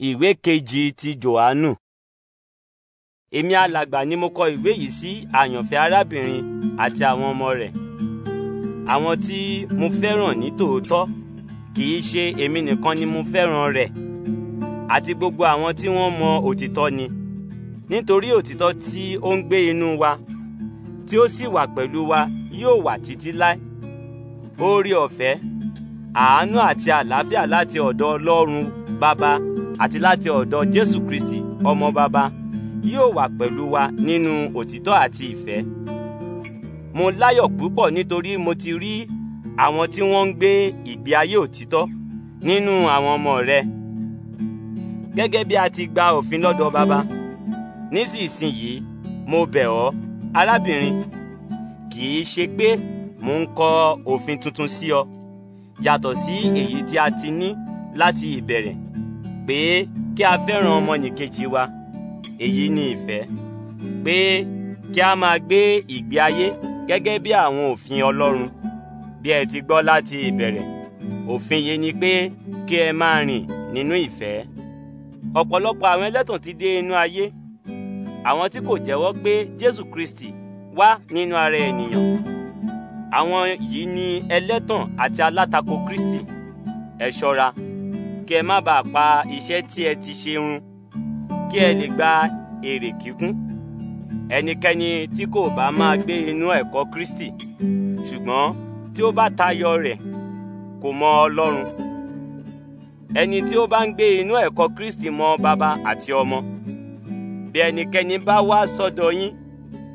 ìwé kejì ti johannu èmi alàgbà ni mo kọ ìwé yìí sí àyànfẹ́ arábìnrin àti àwọn ọmọ rẹ̀ àwọn tí mo fẹ́ràn ní tòótọ́ kì í ṣe èmi nìkan ni mo fẹ́ràn rẹ̀ àti gbogbo àwọn tí wọ́n mọ òtítọ́ ni nítorí òtítọ́ tí ó ń gbé inú wa tí ó sì wà pẹ̀lú wa yóò wà títí láé oore ọ̀fẹ́ àánú àti àlàáfíà láti ọ̀dọ̀ Ọlọ́run bàbá àti láti ọ̀dọ̀ Jésù Kristi ọmọ bàbá yóò wà pẹ̀lú wa nínú òtítọ́ àti ìfẹ́. Mo láyọ̀ púpọ̀ nítorí mo ti rí àwọn tí wọ́n ń gbé ìgbé ayé òtítọ́ nínú àwọn ọmọ rẹ. Gẹ́gẹ́ bí a ti gba òfin lọ́dọ̀ bàbá nísinsìnyí mo bẹ̀ ọ́ arábìnrin kì í ṣe pé mò ń kọ òfin tuntun sí ọ yàtọ̀ sí èyí tí a ti ní láti ìbẹ̀rẹ̀ pé kí a fẹ́ràn ọmọnìkejì wa èyí ni ìfẹ́ pé kí a máa gbé ìgbé ayé gẹ́gẹ́ bí àwọn òfin Ọlọ́run bí ẹ ti gbọ́ láti ìbẹ̀rẹ̀ òfin yìí ni pé kí ẹ máa rìn nínú ìfẹ́ ọ̀pọ̀lọpọ̀ àwọn ẹlẹ́tàn ti dé inú ayé àwọn tí kò jẹ́wọ́ pé Jésù Kristi wá nínú ara ènìyàn àwọn yìí ni ẹlẹ́tàn àti alátakò Kristi ẹ ṣọ́ra. E kí ẹ má bàa pa iṣẹ́ tí ẹ ti ṣe run kí ẹ lè gba èrè kíkún ẹnikẹ́ni tí kò bá máa gbé inú ẹ̀kọ́ Kristi ṣùgbọ́n tí ó bá tayọ rẹ̀ kò mọ Ọlọ́run ẹni tí ó bá ń gbé inú ẹ̀kọ́ Kristi mọ bàbá àti ọmọ bí ẹnikẹ́ni bá wá sọ́dọ̀ yín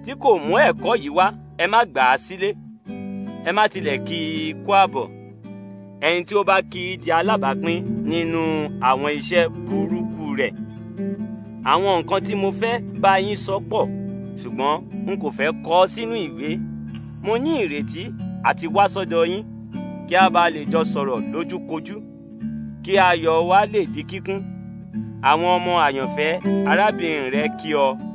tí kò mú ẹ̀kọ́ yìí wá ẹ má gbà á sílé ẹ má tilẹ̀ kí i kú àbọ̀ ẹni tí ó bá kì í di alábàápín nínú àwọn iṣẹ́ burúkú rẹ̀ àwọn nǹkan tí mo fẹ́ bá yín sọ pọ̀ ṣùgbọ́n n kò fẹ́ kọ ọ́ sínú ìwé mo ní ìrètí àti wá sọ́dọ̀ yín kí a bá lè jọ sọ̀rọ̀ lójúkojú kí ayọ̀ wa lè di kíkún àwọn ọmọ àyànfẹ́ arábìnrin rẹ kí ọ.